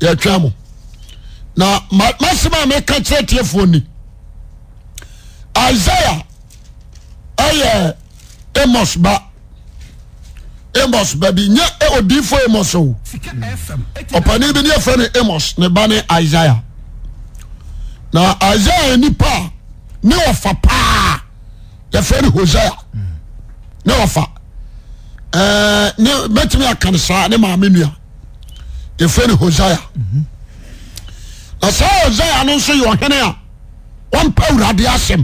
yɛtwea m na masɛm a meka kyerɛtiɛfoɔ ni isaia ɛyɛ amos ba amos ba bi nyɛodiifo eh, amos o ɔpane bi ne yɛfrɛ ne amos ne ba ne isaiah na isaia ɛnipa a ne ɔfa paa yɛfrɛ ne hosaia ne ɔfamatimi akane saa ne maamenua na saa hosaia no nso yɛ ɔhene a mpawuradeɛ asɛm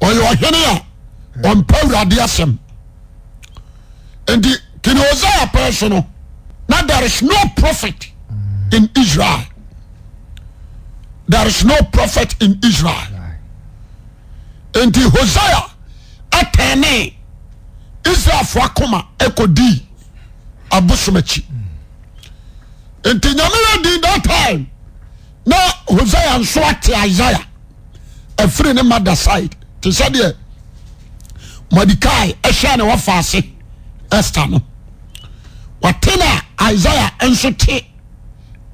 ɔyɛ ɔhene a ɔmpa wuradeɛ asɛm enti kine hosaiah pɛrɛ so no na thereis no profet in israel thereis no prohet in israel enti hosaia ata ne israelfoɔ akoma ɛkɔdii abosomakyi nti nyamewa din dha tim na hosaiah nso wate isaiah afiri ne madaside nte sɛdeɛ madikai ɛhwɛ ne wafaase esta no watene a isaiah nso te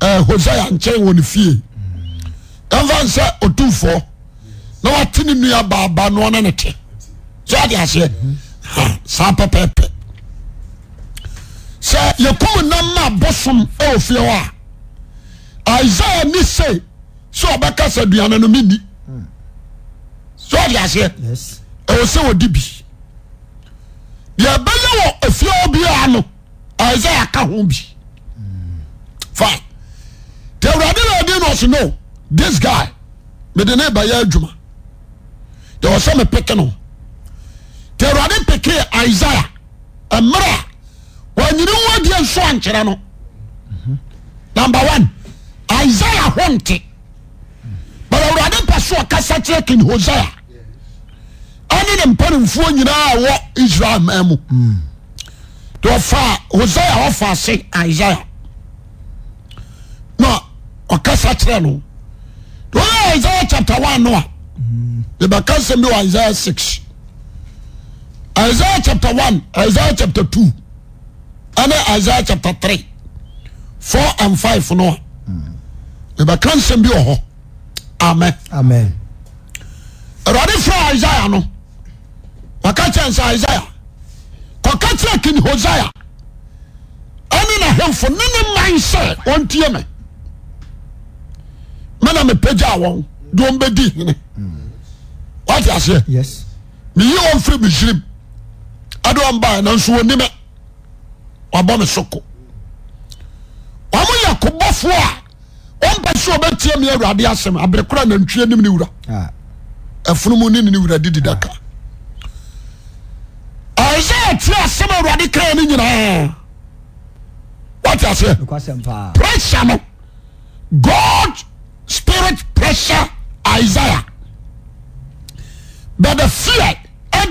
eh, hosaia nkyɛn wɔ ne fie gɛmfane sɛ ɔtufoɔ na watene nnua baaba noɔ no ne te so adeɛ aseɛ saa pɛpɛpɛ sɛyɛkomu nam ma bosom ɛwɔ fiɛwo a isaiah ne se sɛ ɔbɛka sa aduane no meni sɛdeaseɛ ɛwɔsɛ ɔdi bi deɛ ɛbɛyɛ wɔ fiɛo bia no isaia ka ho bi fi te awurade neɔde neɔso no this guy medene bayɛ adwuma dewɔ sɛ mepeke no h te awurade pekee isaia ɛmr nyiniwdesoankyerɛ no namb o isaia ho nte bɛt awurade pɛ so ɔkasakyerɛ ken hosaia anene panomfuɔ nyinaa wɔ israelmaamu ɔfaa hosaia ɔfase isaia nkasakyerɛ no isaia chapte one no a ebɛka sɛ biwɔisaia 6ix isaia chapte one isaia chapte t ɛne Isaiah chapter three four and five no a mebɛka nsɛm bi wɔ hɔ amen Amen. awurade fra isaia no waka kyerɛ nsa isaia kɔka kyerɛ king hosea ɛne nahemfo ne ne man sɛ wɔntie me mena mepagyaa wɔn de wɔn bɛdi hene wate aseɛ meyi wɔn firi mesirim ade wɔn baɛ nanso wɔni me esoɔmoyɛ kobɔfoɔ a ɔmpɛsɛ ɔbɛtiɛmiwade aɛ erorananwnfnrdidida isaia tue asɛm ah. ah. awurade kraa no nyinaawatpressue no god spirit pressure isaia buthe fee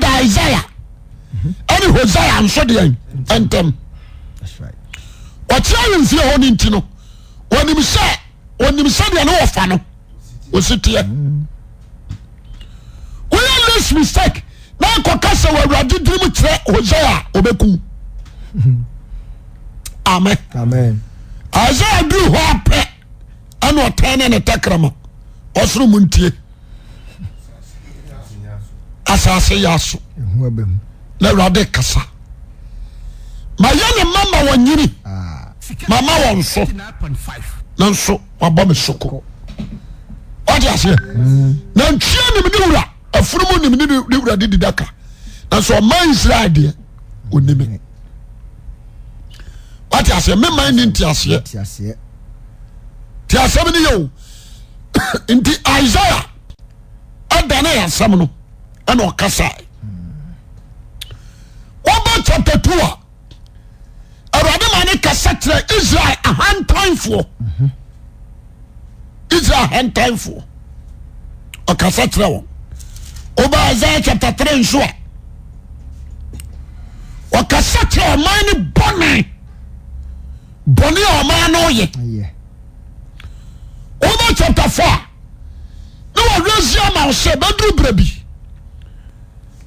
de isaiah ne hosiah nsodeɛn teyɛmfie hɔ no nti no niɛnimsɛdia ne wɔ fa no ɔsiteɛ woyɛ los mistake na kɔka sɛ w awurade dinem kyerɛ hosaia ɔbɛkum amɛ osaia du hɔ apɛ naɔtane ne tɛkrama ɔsoromu ntie asase yaso na awurade kasa mayɛne mama wyini mama w nso n nso wbɔ me sokoro wateaseɛ na ntwea nimne wura afunumu ninwura dedidaka naoɔma insrael deɛ n wataseɛ mema ninteseɛ nteasɛm n yɛo nti isaia adane ayɛsɛm n nɔkasawbɛaata nisrl handtim foɔ ɔkasa kyerɛ w wobaze kyaptatere nsua ɔkasakyerɛ ma ne bɔne bɔnea ɔma n yɛ oba tyaptafoa ne adesi mao sɛ baduro bra bi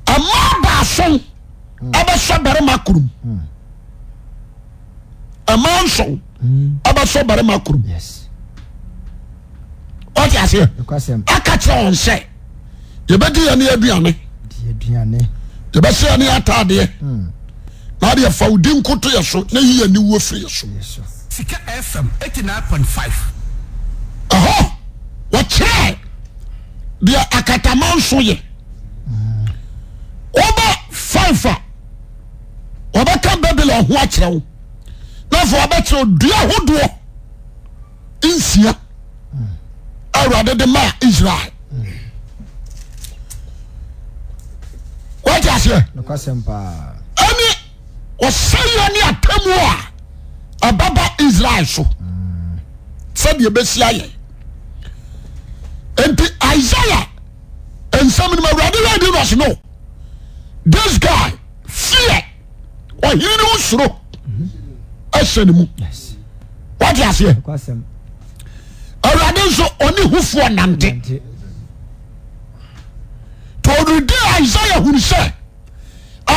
ama bason ɛbɛsɛ mm. barema krom mm. mans bɛsɔ barima kro s aka kyerɛ ɔn sɛ yɛbɛdi yɛne ɛaduane yɛbɛsɛ yɛne ɛ ataadeɛ hmm. na deɛfa wodi nkoto yɛ so na yiyɛniwuo firi yɛ soɔɔ ɔkyerɛ deɛ akatama nso yɛ hmm. ɔb 5ia ɔbɛka babile hoakrɛ na fo abɛtedua hodoɔ nsia awurade de maa israel wtaseɛ ɛne ɔsɛ yɛ ne atamu a ɛbaba israel so sɛdeɛ bɛsiayɛ nti isaia nsɛm nom awurade wɛde nuase no this guy fiɛ ɔhenosoro ɛhyɛ ne mu wɔte aseɛ awurade nso ɔne hufoɔ nante tɔɔrɔdi Isaiah hunu sɛ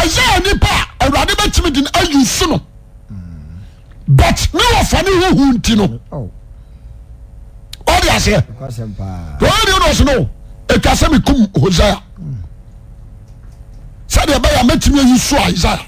Isaiah nipa a awurade bɛtumi de no ayi su no hmm. but ne wɔfa ne huhu nti no wɔde aseɛ tɔɔrɔdi no ɔso no atwa sɛ mekum Hosea sɛdeɛ ɛbɛyɛ mɛtumi ayi su Isaiah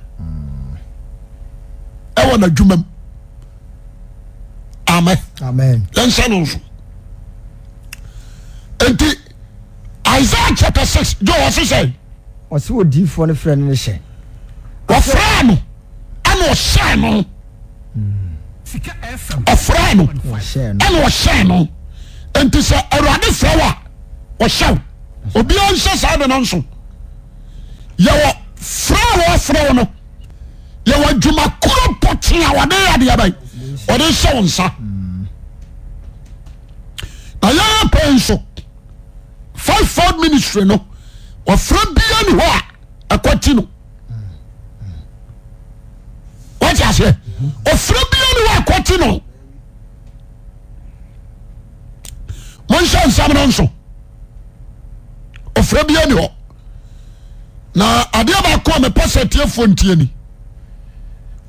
ɛwɔnodwuma m am ɛnsɛ no nso nti isaia chape six o wɔ se sɛ ɔ sɛ wɔ difoɔ no frɛ no ne hyɛ ɔfraa no ɛnɛnofra no ɛne ɔhyɛe no nti sɛ ɔrurade frɛ w a ɔhyɛw obiawa nhyɛ saa de no nso yɛwɔ frɛ wforɛw no yɛwɔ adwuma kro tde adeaa ɔde hyɛwo nsa na yɛra pɛi nso fiv ford ministry no ɔfra biani hɔ a akwɔti no watiasɛ ɔfra biane hɔ akɔti no monhyɛ nsamno nso ɔfra bianihɔ na adeaba koa mɛpɛ sɛ tiɛfo ntiani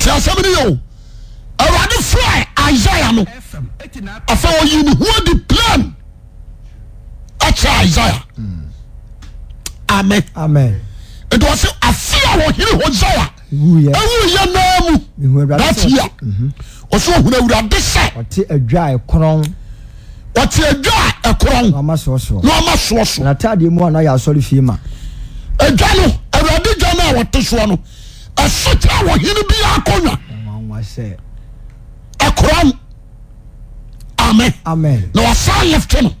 Mhm. ti asɛm no yɛ awurade frɛ isaia no afɔyi ne hoa de plan akyɛ isaia toɔ sɛ afia ɔheehɔ aawuyɛ naamuɛaaɛɛɔ fea wano wurade dwa no awɔte soa no srwɔhen biakwakor amena wsan lit no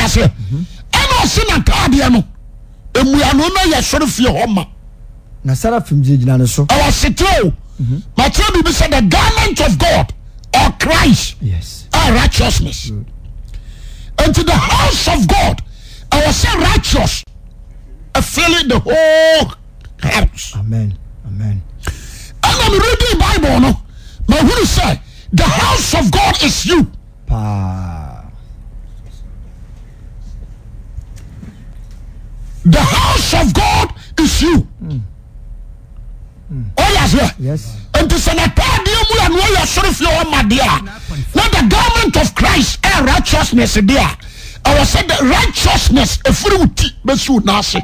asɛ mhm. ɛneɔsenatabiɛ no muano no yɛsɔre fie hɔ masɛwɔseteɛo matyeɛ birbi sɛ the gonment of god ɔ christ a righteousness nto the house of god ɛwɔ sɛ rightous afili the hoe nm redin bible no mahrsɛ es of gdis te hous of god is u s ntisɛnepadeɛmuanaysoro fiamadea na the goerment hmm. oh, oh, of christ a righteousnessdea ɛwsɛdde righteousness ɛferiwoti mɛsoo nse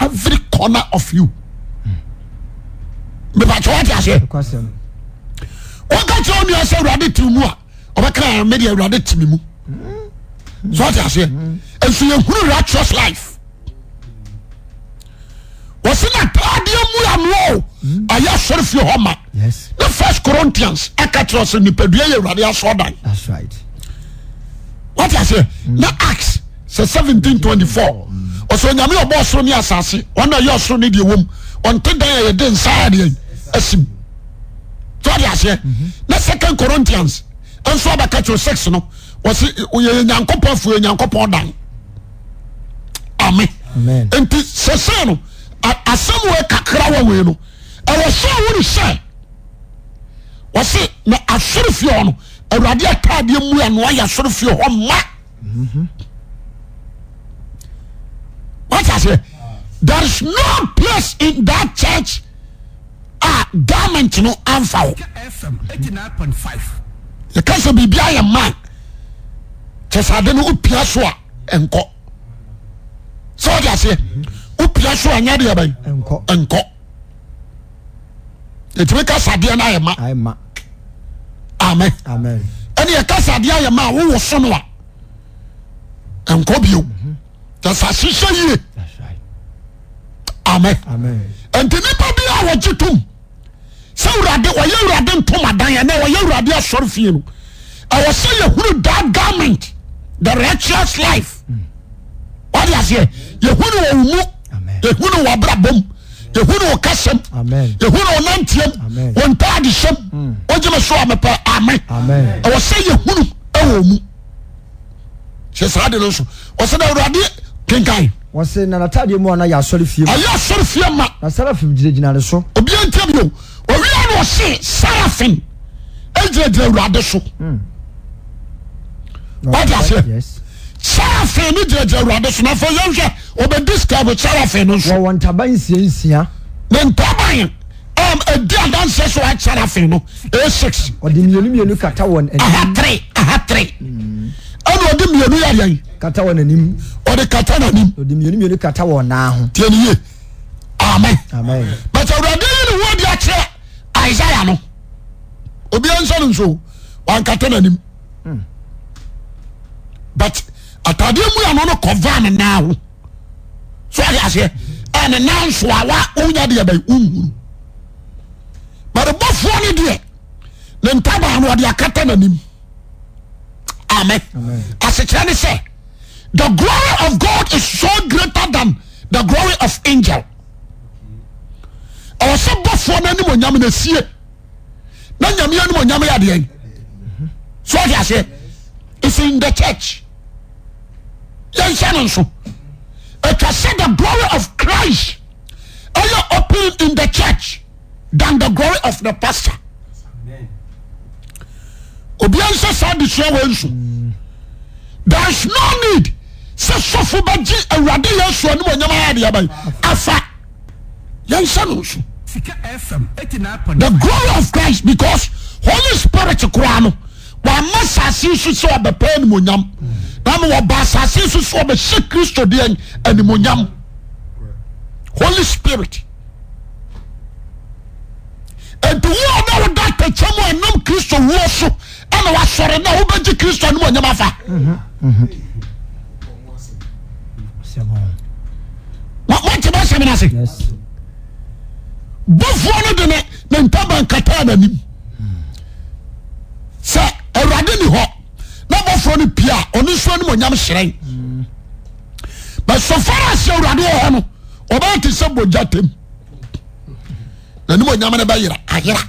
every corner of you mipatwa wate ase wọ́n kẹ́kẹ́ ọ́ ní ẹsẹ̀ ìwúrọ̀dẹ́ tì mú a ọ̀bẹ́kẹ́rẹ́ àwọn mẹ́rin ìwúrọ̀dẹ́ tì mí mú so wate ase èsì yẹn huru righteous life wọ́n sì náà tàdé mú àmúwò ayé asọ́rọ̀ fi họ́ ma ní first corinthians ẹ̀kẹ́tẹ̀rọ̀ sẹ̀ nípẹ̀dúyẹ̀ yẹ ìwúrọ̀dẹ́ asọ́ọ̀dàn wate ase ní acts sẹ̀ seventeen twenty four sɛ onyame ɔbɔ ɔsoro ne asase ɔna ɛyɛ ɔsoro ne deɛ wɔm ɔnte dan a yɛde nsaa asim tɔde aseɛ mhm. na second corinthians nso abɛka kyerɛ six no wɔsi yɛ nyankopɔn fo nyankopɔn dan amen nti sese no asɛm wɔ kakra wɔ wei no ɛwɔ sɛ wɔn sɛ wɔsi na asoro hɔ no awurade ataadeɛ mu yɛ no hɔ mma. Mhm. atɛ aseɛ there's no place in that church a darmatye no amfa wo5 yɛkasa biribia ayɛ maa kɛ saade no wopia so a nkɔ sɛ wode aseɛ wopia so a nyɛ deabɛi nkɔ ɛtimi kasadeɛ no ayɛ ma amɛ ɛne yɛkasadeɛ ayɛ maa wowo so no a nkɔ bi sasesɛ yie ntinnipa bi a wɔetom sɛwreɔyɛ wurade ntoadan ɔyɛ wrade asɔr fien ɛwɔsɛ yɛhunu da goment the rihtous life eɛ yum uruasɛunani adeɛ emsp wɔsɛ yhunu wm saade o kinkan. wọ́n sẹ́ nana taade mu ọ̀nà yà asọ́rẹ́ fìyẹ ma. ayé asọ́rẹ́ fìyẹ ma. na sarafim gyinagyina ne so. obi yẹn tiẹ̀ o owi yẹn na ọ̀sẹ̀ sarafim ẹ̀ gyinagyina awurade so. Hmm. wájú aseɛ sarafim ni gyinagyina awurade so n'afɔ yẹn hwɛ ọbɛ disikabu sarafim ni so. wɔwɔ ntaba nsia nsia. ne ntaba yẹn ɛdi um, adansi so akyɛ sarafim no a six. ɔdi mmienu mmienu kata wɔn aha three aha three. Hmm ɛna ɔde mmienu yɛ adeɛ yi. kata wɔ n'anim. ɔde kata n'anim. ɔde mmienu mmienu kata wɔ n'an ho. tiɛ ni ye amen. amen. bàtà awurade yi ni wọ́n di akyerɛ aisaya no obiara nso ne nso wankata n'anim. Hmm. but ataadeɛ mu yànnɔ no kɔvaa ne nan ho so ɔde aseɛ ɛna ne nan so a wa ɔnya deɛ bɛyi ɔnhuru bɛrɛ bɔfoɔ ne deɛ ne ntaban no ɔde akata n'anim. amen asekyerɛ ne sɛ the glory of god is so greater than the glory of angel ɔwɔ sɛ bɔfoɔ no anim onyame na sie na nyame anim onyame yɛ adeɛ so ɔde aseɛ is in the church yɛnhyɛ no nso ɛtwa sɛ the glory of christ ɛyɛ open in the church than the glory of the pastor obiansɛ saa de sua wa nsu ters no ned sɛ sofo bagye awuradeyɛsuano eɛothe grory of christ because holy spirit koraa no ama sase s sɛ bɛp nia maba sase s sɛ bɛhyɛ kristodeɛ aniy holy spirit nwoana woda akyɛm anom kristo wuo so nawsɔre ne wobɛyi kristo nomnyam afa mante mɛsɛm no se bofuɔ no dene na mpa bankataa naanim sɛ awurade nihɔ na boforɔ no pia a ɔne nsuwa nom ɔnyam hyerɛi bɛsɔfara se awurade yɔ hɔ no ɔbɛɛ te sɛ bogya tem nanim ɔnyam ne bɛyera ayera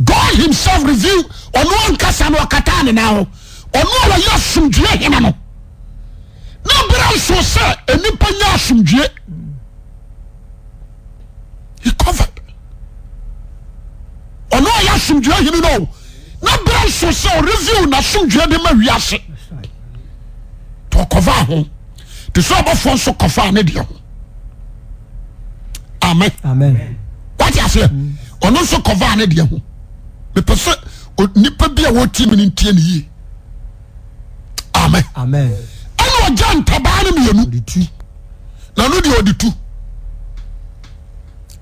god himself review ɔnoankasa no ɔkata nena h ɔno awyɛ asomdwoe hene no na berɛ nso sɛ anipa ya asomdwoeɔnoyɛ asomdwe henen na berɛ nso sɛ ɔreviw nasomdwe b maie ase hoɛoho mepɛ sɛ nipa bi a wɔtie mi no ntie ne yie amen amen ɛna ɔgya ntabaa no mmienu na no deɛ ɔde tu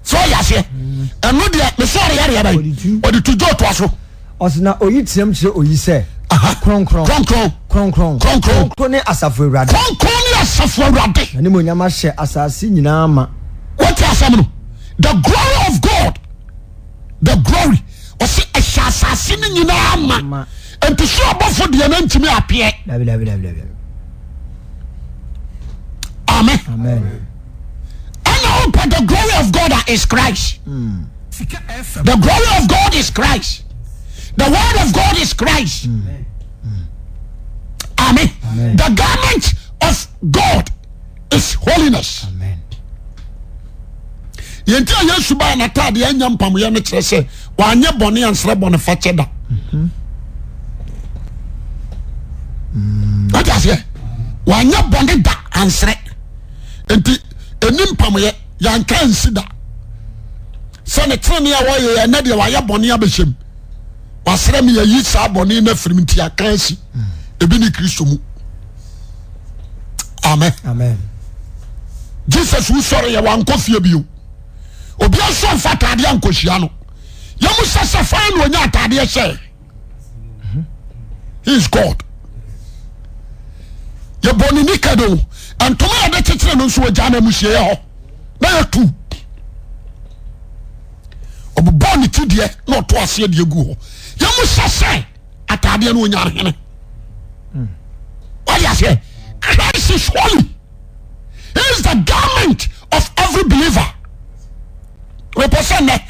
sɛ ɔyɛ aseɛ mm. ɛno deɛ mesɛ ɔreyareɛ bɛn ɔde tu gya ɔtoa so ɔsena oyi tiam kyerɛ oyi sɛ kronkron kronkron kronkron kronkron ne asafo awurade kronkron ne asafo awurade na ne mo nyama hyɛ asase nyinaa ma wɔte asɛm no the glory of god the glory sɛhyɛ asase no nyinaa ma nti so abɔfo deɛ no ntimi apeɛ am ɛnɛwpɛ the glory of god a is christ hmm. the glory of god is christ the word of god is christ hmm. amen the garment of god is holiness yɛnti ayɛsubaanatadeɛnya mpamuɛno kyerɛ sɛ yɛ eansr faɛdtasɛ anyɛ bɔne da ansr nti ɛni pamɛ yɛnka nsi da sɛ ne teraeawyɛnadeɛwyɛ ɔeabɛam wasrɛ meyayisaa bɔne na firimnti aka asi ɛbine kristo mu amɛ jesus wosɔreyɛwnkfie bio yẹmu sẹsẹ fain na onye ataade ẹsẹ he is God yẹ bọ ni nika do ntoma yẹ de titire no nso ọjà náà mu sie yẹ họ na yẹ tu ọbọbọ ne ti deɛ na ɔtọ aseɛ deɛ gu hɔ yẹmu sẹsẹ ataadeɛ na onye ahene wọ́n yà sẹ́ Christ is holy he is the garment of every believer wọ́n pọ̀ sẹ́ ndẹ́.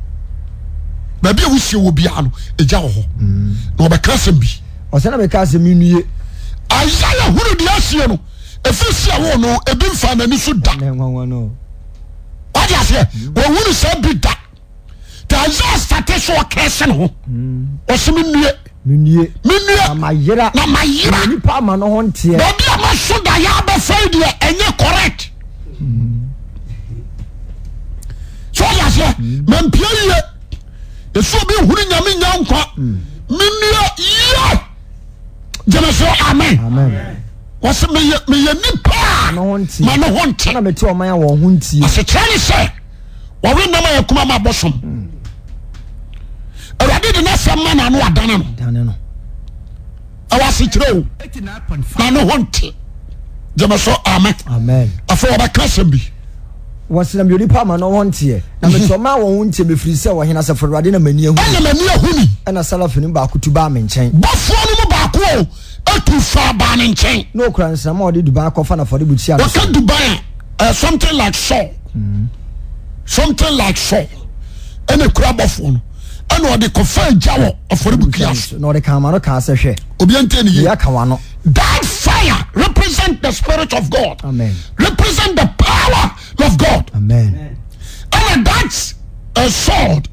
aiawosie wɔ bia n gyawhɔ naɔbɛkrasɛm biaen ahuudeɛasien ɛfisiaw n mfanno daɛhu sab da aekasenhamaoda yɛbɛɛi deɛ yɛecɛaa ɛsuobi hone nyame nya nkwa menua yia gyamɛ so amen wɔ sɛ meyɛ nipaamano ho nte namɛtimaɔ hontasekyerɛ ne sɛ wɔrennama ayɛkuma mabɔ som mm. awurade de na sɛ ma nea no wadane noo ɛwɔasekyerɛ o mano ho nte gyamɛso amen ɛfwɔbɛkra sɛm bi wɔsenabiaodi pa ma no wonteɛ mesɔma wɔwo ntie mɛfiri sɛ ɔhena sɛ fɛre namanihu na salafeni baak tu bame nkyɛnasadaɔfnfɔraɛ power of God. Amen. And that sword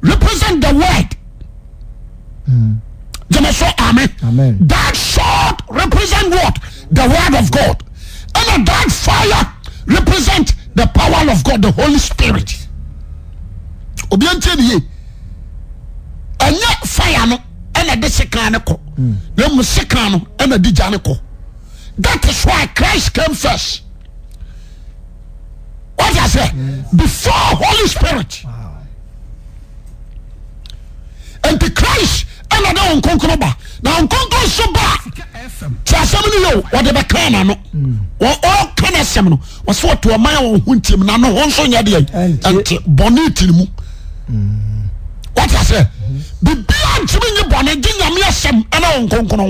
represent the word. Mm. Amen. Amen. That sword represent what? The word of God. And that fire represent the power of God, the Holy Spirit. Obiantie ɛnyɛ fire no ene de sekan ne kɔ hmm. na mu sekan no that is why Christ came first. watea sɛ mm. before holy spirit nti christ ɛna de ɔ kronkn ba nakronkr so baa tɛ asɛm no yɔde bɛka nananɛm osɛtaonaɛnbɔetsɛ bebia kemi ye bɔne e nyameyɛsɛm nakron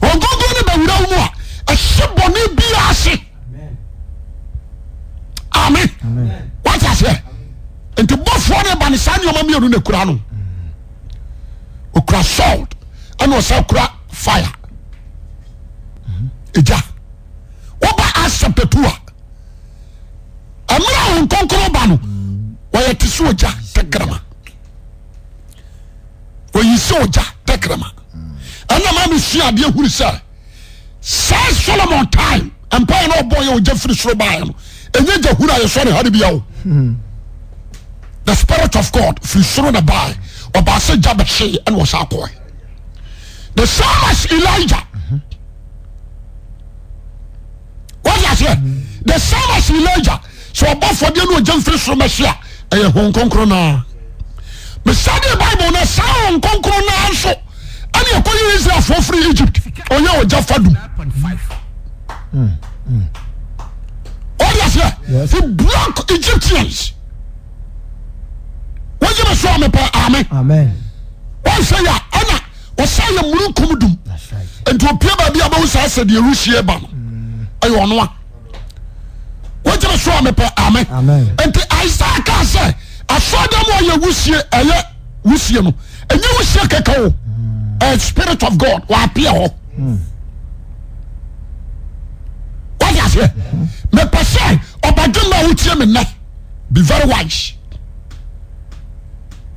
ɔkonkr ne bɛwura w mu a ɛhyɛ bɔne bia se me watsɛ nti bofoɔ ne bane saa yma miaruna kura no ɔkura salt ɛnesa kura fire a woba asa patua merankonkro ba no wɔyɛ te so ɔya tekrama yisɛ oya te krama ɛnemamesua bi huri sɛ sa solomon time mpa ana ɔboyɛ ɔyafiri soro baɛno ɛyɛ gya huna yɛsnehare bia hmm. the spirit of god fii sorone b ɔas yabe nsɛɔ the sl elijasɛthesals elija sɛ ɔfdɛnamfiri soro sia ɛɛhooeadeɛbible ɛsanhrnaso ney israelfoɔ fr egypt ɔyɛɔya fad hmm. hmm. yes. he blocked Egyptians. Wọ́n yẹ bẹ sọ àmì pọ̀ amen. Wọ́n sẹ yà ẹ̀nà ọ̀sẹ̀ yẹ múlùkùn dùn. Nti o pie baabi abawo sá ẹsẹ̀ di eru ṣe ba no. Ẹyẹ ọ̀nùwà. Wọ́n yẹ bẹ sọ àmì pọ̀ àmì. Nti Isaac asẹ asọ́dọ̀mù ọ̀yẹ wusie ẹ̀yẹ wusie no. Ẹ̀yẹ wusie kẹkẹ o. Mm. Ẹ̀ spirit of God wà á pè ẹ̀ mm. Wọ́n yà sẹ́. Mm-hmm. mepɛ sɛ ɔbadwuma ma wotie me nnɛ be very wise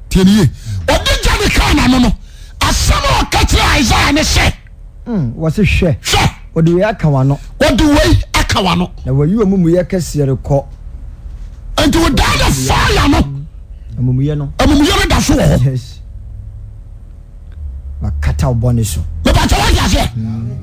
tiɛniye ɔde gya ne kaa nano no asɛm a ɔka kyerɛ isaia ne sɛ hmm, wɔse hwɛ hwɛ wɔde wei aka wano wɔde wei aka wano na wayi wɔ mumuyɛ kɛseɛ rekɔ nti wodaa ne faaya no amumuyɛ no amumuyɛ no da so wɔ hɔ yes wakata wo bɔne so mepɛ sɛ wɔde aseɛ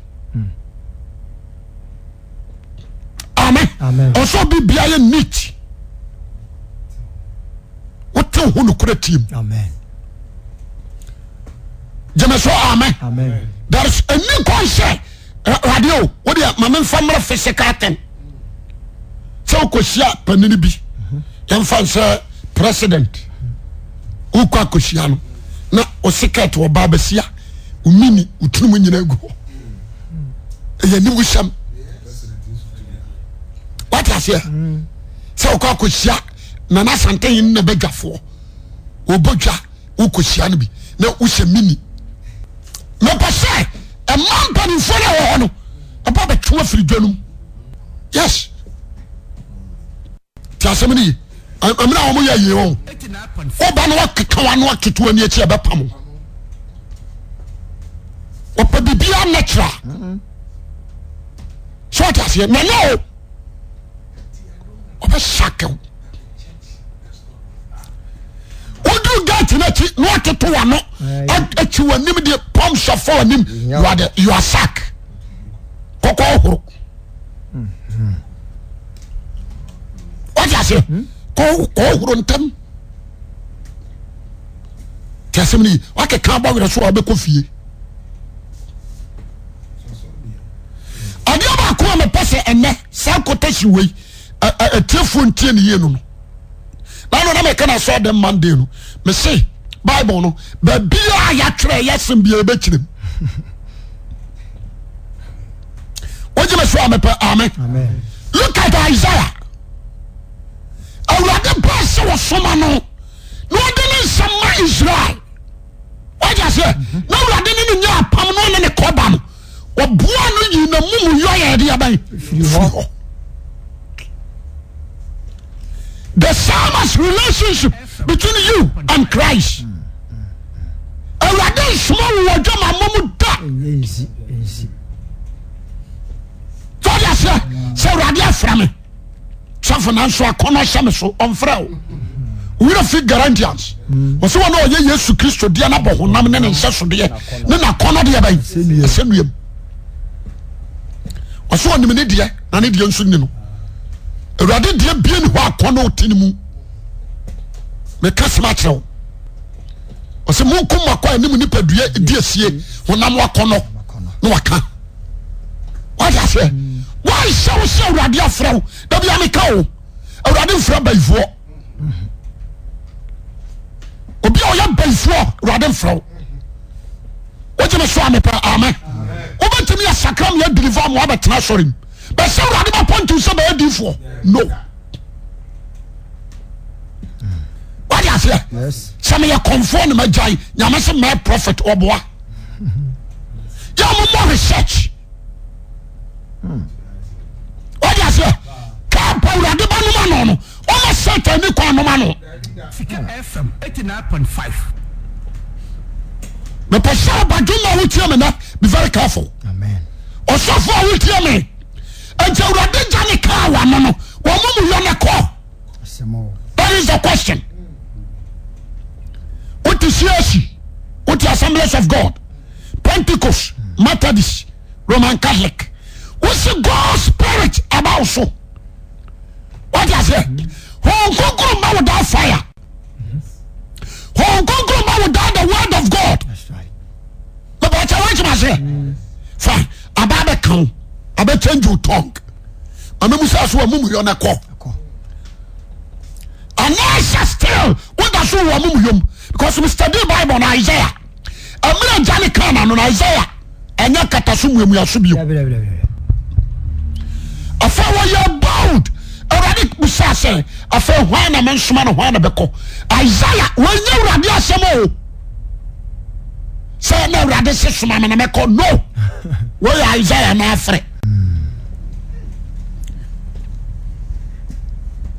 ɔsɛ bi biaɛ nit wotewo ho nokora tim gyamɛ sɛ amɛ tasanikɔn sɛ adio wode mamefammrɛ fisikat sɛ wokɔsia panini bi yɛmfan sɛ president workɔa kosia no na wo sikat wɔbabɛsia omini wo turum nyina gu hɔ ɛyɛ niwosɛm wate aseɛ sɛ wokɔ akɔhyia nana santayi no na bɛdwafoɔ wɔbɔdwa wokɔhyia no bi na wohyɛ mini mepɛ sɛ ɛma mpanimfoɔ no ɛwɔ hɔ no ɛbɔ bɛtwe afiri dwa nom yes ti asɛm no ye amina wɔn yɛ yie wɔn ɔba no wakeka wa no aketewa ni akyi ɛbɛpa mo ɔpɛ biribiara natural sɛ ɔte aseɛ na o. obe sake woduro gantini aki na watetowano akiwanim de pomsefo anim yasack kokhoro watase horo ntam tasmin ake ka beresabeko fie ade obakuamapese ene sakotesi wei atiefo ntieneyi nu noanenamekanasɛ adema nde n mese bible no babiaa yɛtwerɛ yɛsem biarabɛkyerem wyemɛsoa mɛpɛ ame lukat isaia awurade ba sɛ wɔsoma no na ɔde ne nsɛmma israel ya sɛ nawurade ne nenyaapamu no ne ne kɔba m wɔboa no yinamumu yɔ yɛdeabɛ e sams relationship betwee you and christ wurade nsoma woɔdwama mamu da deasɛ sɛ awurade afra me safonanso akɔnɔ sɛ me so ɔmfrɛ o oyerɛfi guarantians ɔ sɛ wɔ ne ɔyɛ yesu kristo deɛ no bɔ honam ne ne nsɛ sodeɛ ne na kɔnɔdeɛ bɛsɛ naɔsɛ nimne deɛnane deɛono awurade de bien ho konotinmu meka sem kyerɛo s monkoakonem nipadisie honamwakono frf bɛsɛ wurade bɛpɔntu sɛ bɛyɛ difoɔ no wade aseɛ sɛ meyɛ ne magyae nyame profit ɔboa yɛ research wade aseɛ Tu ba noma no no ɔma tu noma no mepɛ sɛ me na be very careful ɔsɔfoɔ a wotie me rdejani kawa nono omamuyoneco detis the question woti siasi wit assemblas of god pentecost matedis roman cahlic wose go spirit aba so whatase naesa ma ksyaaera s rade se sns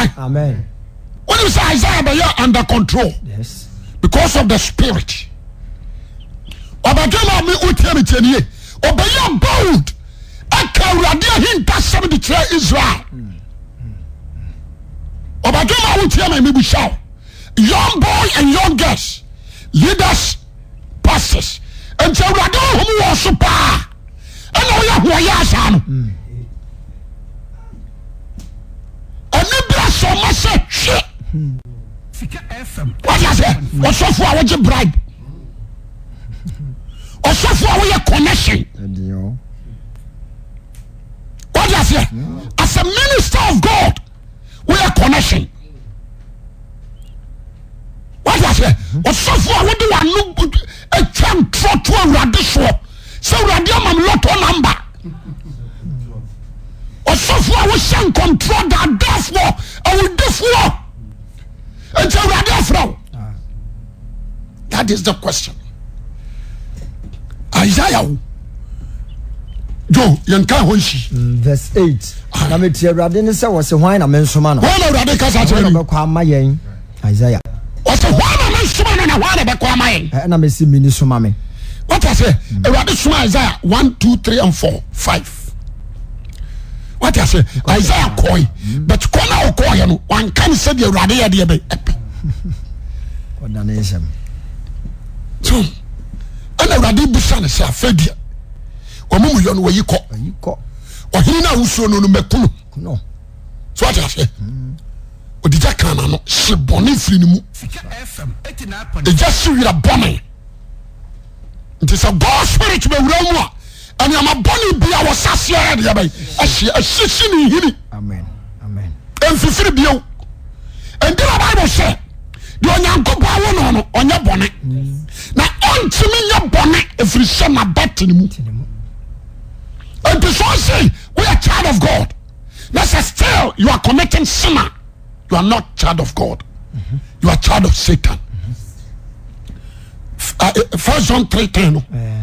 m wotemsɛ isaiah bɛyɛ under control because of the spirit ɔbadwemamotiaametanie ɔbɛyɛ bod aka awurade ahentasɛmte kyerɛ israel ɔbadwema wotia mamɛbusyaw youn boy and youn girs leaders pastes nti awurade ohomu wɔ so paa ɛna woyɛ hoyɛ asaa no ɛnebra sɛma sɛ hwe weasɛ sfo a wogye bri sfoɔ a woyɛ kɔn hen weasɛ asa minister of god woyɛ kɔnɛ hen wasɛ ɔsɔfoɔ a wode wno e twantrto awurade so sɛ wurade amamelɔtɔ namba sfwhyɛ ndafowfw vn mɛti awurade mm, ah. no sɛ wɔ sɛ han na me nsoma noɔma yɛsnamsɛ min soma mew isaa1f5 wate asɛ isaia kɔ but konkɔɛ nkan sɛd wuradeyɛdɛɛn wurade sano sɛfad maik ennwnnmauɛɛdgya kana e bɔne firino mu yase wera bɔnntsɛspirit mabɔneaɔsaseɛdeɛbɛɛesi ne nhini ɛmfifiri bio ɛnde na bible sɛ de ɔnyankopɔn wono no ɔyɛ bɔne na ɔntemi yɛ bɔne ɛfirisɛ maba tene mu ɛnti sosei weyɛ child of god na sɛ stil you ar committin sina youare nɔ child of god youarchild of satan firs on tre ten no eh.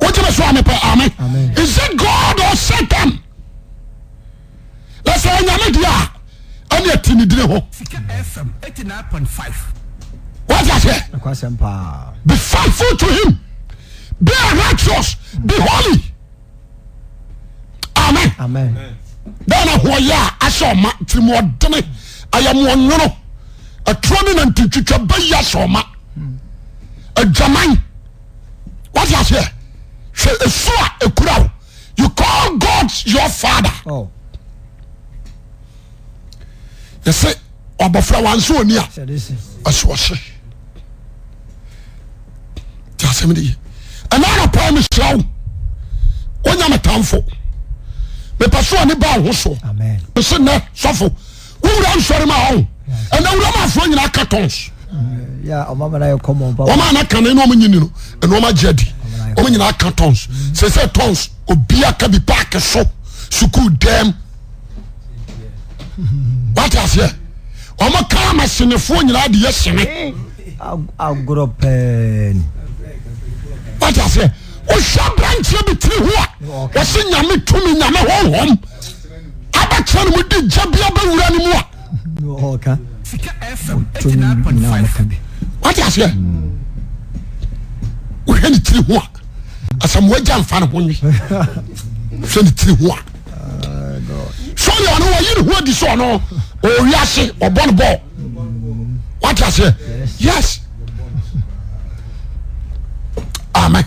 woimesoame pɛ me isi god or satan na sɛɔnyame deɛa ɛneati nedine hɔtaɛ be faitful to him bea rightous be holy ame dɛna hoɔ yɛ a asɛma ntimoɔdene ayɛmoɔwono aturoni nantitwitwa bɛyi asɛmaaa dsse sua kura you call god your father yese bafra wnsenissnnpesa oyama tamfo mepe sune baossnf wr nre nwrmf yina katon manyina ka t ssɛ ts obiaka bipake so sukuu dem wtɛ maka ma senefo yinadeyɛ seneɛra birh s yame tyam hhom abakera nomude ya biabawura nmuaɛr asɛmwagya mfa no ho e sɛne tiriho sɛyɛ ɔnowɔyine hoadi so ɔno ɔɔwiase ɔbɔnbɔ wotaseɛ yes amen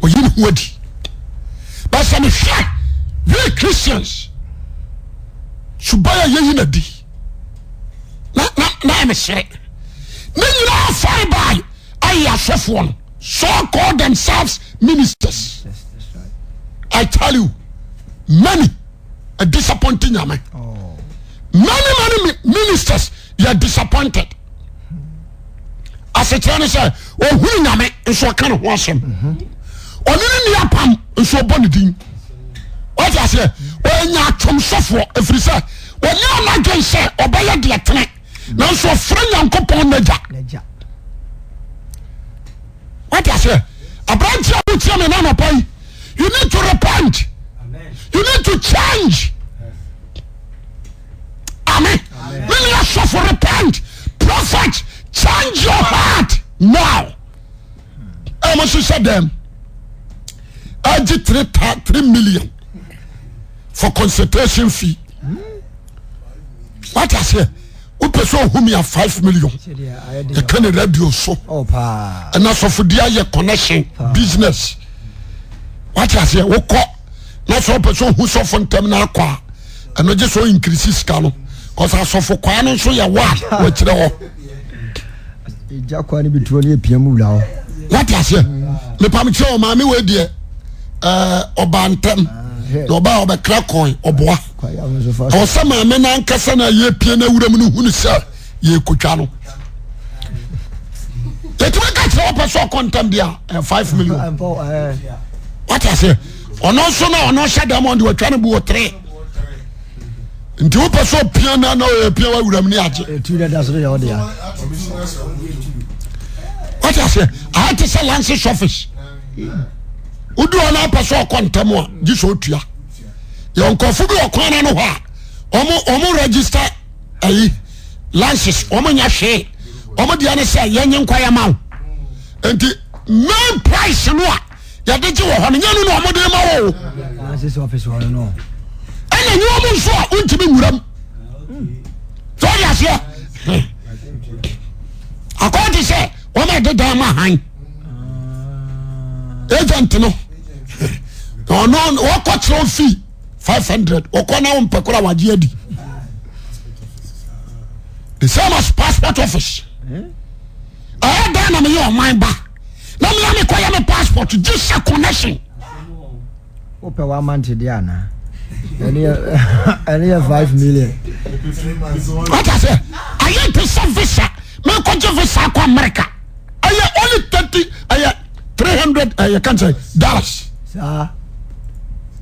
ɔyine hoadi but sɛnehwɛ we christians suba ayeyinaadi na mehyerɛ ne nyinoafare ba ayɛ asɔfoɔ no so call themselves ministers i tal you many a disappoint oh, nyame manmanministers yoar disappointed asekyerɛ ne sɛ ɔhuru oh, nyame nso ɔkane ho asom ɔneno nea pam nso ɔbɔ ne din wataseɛ ɔɛ nya atwomsofoɔ ɛfiri sɛ ɔne anadwen sɛ ɔbɛyɛ deɛtene nanso ɔfrɛ nyankopɔn nagyaɛ abratimtiemenenɔpai you need to repent you need to change ame mensofo repent profet change your heart now moso sɛden agye 3ree million for concentration fee hmm. wopɛ sɛ ɔhu a 5 million yɛka ne radio so ɛna sɔfodi ayɛ connection business wate aseɛ wokɔ na sɛ wopɛ sɛ ɔhu sɔfo ntam no akɔ a ɛno gye sɛ ɔinkirisi sika no bcause asɔfo kwaa no nso yɛ wa wɔakyerɛ hɔ wate aseɛ mepamkyerɛ ɔ maame wei deɛ ɔba ntam ɔbaɔbɛkra kɔ ɔboaɔsɛ mamenonkasa noyɛpiano wramu no hun sɛ yɛkwa no ɛtmi ka rawopɛsɛ5mii ɔnnɔnsyɛ daan ntiwopɛ sɛpiannɛiwramun t sɛ lances office wodurɔno apɛ so ɔkɔ ntɛm a gye sɛ otua yɛnkɔfo bi ɔkoana no hɔ a ɔmo register ai lanses ɔmo nyɛ hwee ɔmodeɛ ne sɛ yɛnye nka yɛma wo nti man price no a yɛde gye wɔ hɔno nyano no ɔmode ma wɔo ɛna nyowɔmonso a wontimi wura m sɛdeaseɛ aknte sɛ ɔmadedan ma han ah. agent no erɛfe 00s passport office nyemba m passort seillisi jesa erika y 0 0 ollas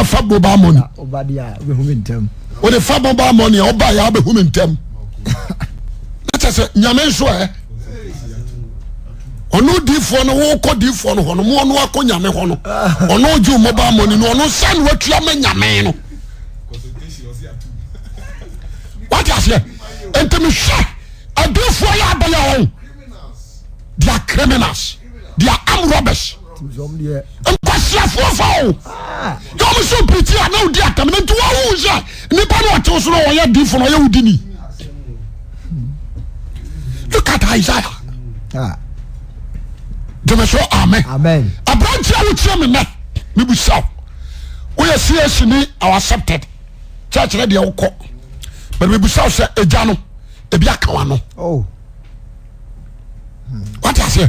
efabmnabayabehnm ɛsɛ yame so ɔne difu no wokɔ dif n n moɔn wakɔ yame n ɔn uɔbamon n ɔno sɛnwatuama nyame no watasɛ temisɛ adifu ya bela ɔ thea criminas dea amrobes nk safuɔfoo msɛ pritanwoditamntww ɛ nipa ne to sonɔyɛ difon yɛwodini ukat isa meso a abratiaotɛ meɛ mebusa woyɛ sɛyasini waccepted kɛkyerɛdeɛ wokɔ butmebusa sɛ agya no ɛbiaka wa notsɛ oh.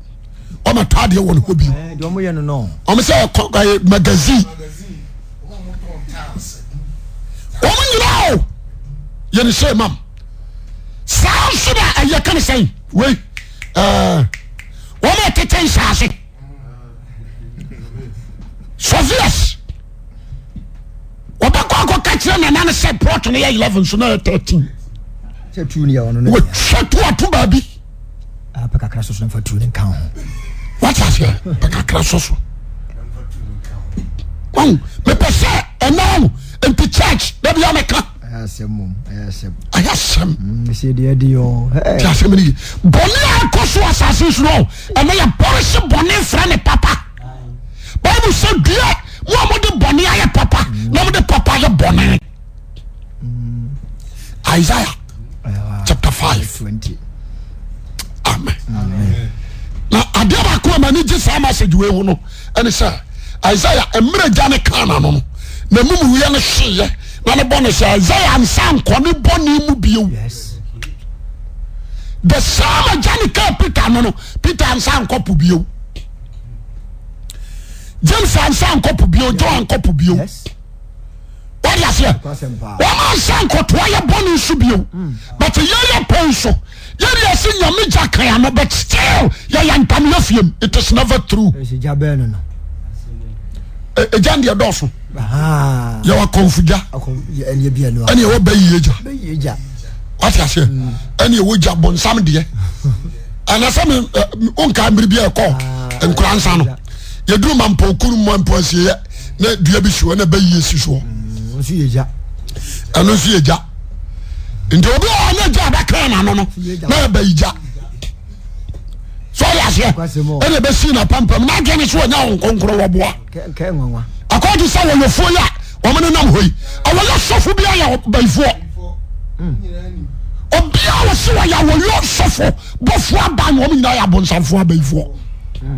ɔmataadeɛ wɔne h b ɔmsɛ eh, magasine ɔmo nyinao yɛne sɛ eh, mam saa eh, so na ayɛkane sɛi ɔma ɛteten saase sovies ɔbɛkɔkɔ ka kyerɛ nanano sɛ prɔtno yɛ e1 so n tatwatwɛ to ato baabi ah, watsekakra susomepese nao pi church debiameka mm, bone a koso asase so ro emeye borese bone fra ne papa bible so due woa mode bone aye papa namude papa se bone isaya ha 5 sɛ deeiho no ɛne sɛ isaia merɛ gya ne ka na no no na momwiɛ no hweɛ mane bɔne sɛ isaia nsankɔ ne bɔnemu bio da sama gya ne ka pete no no pete ansan nkɔpo bio gem sɛ nsa nkɔpo bio je nkɔpo bio aɛtɛɛoɛeɛse nyame ya kaa uts ɛɛɛ itsnv tandeɛ dsoyɛmfuyaneɛiaɛɛnansadeɛ ɛairɛnansa ɛap kpaseɛ e dua bisɔ neaiɛ sisɔ ɛno nso yɛgya nti obi ne gya bɛka noano no nabai gya sɛ seɛɛne bɛsi na pampam neadwene so nya wokonkrn wɔboa akt sɛ wɔyɔfoɔ yɛ ɔmeno nam hɔi wɔyɛ sɔfo biayɛ baifoɔ obia wɔseyɛwɔyɔ sofo bɔfoɔ baɔmenyina yɛ abonsamfoɔa baifoɔ hmm.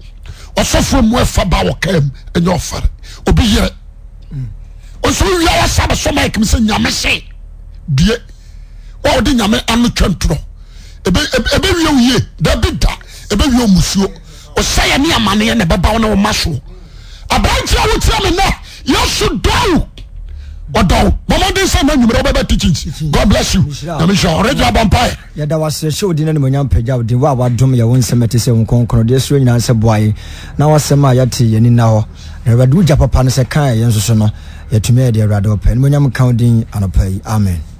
osofuo mu fa ba wo kem y fere obi yere oso wia wo sa besoma ekemi se yame se bie wawode yame ano twan turo ebewieo ye debida ebewio musuo oseye ne amaneene bebawone woma soo abrantia wo tia me ne ye so do d sɛnwum woɛbɛt k g bss yɛdawasɛhyɛ odin n nnyam pɛgyaon wo wadom yɛwo nsɛm atesɛ wo konkrn deɛ suro nyinan sɛ boayi na wasɛm a yɛte yɛnina hɔ nawurade wogya papa no sɛ kae ɛyɛnsoso no yɛtumi ayɛde awurade wɔpɛ nimnyam kawodin anɔpa yi amen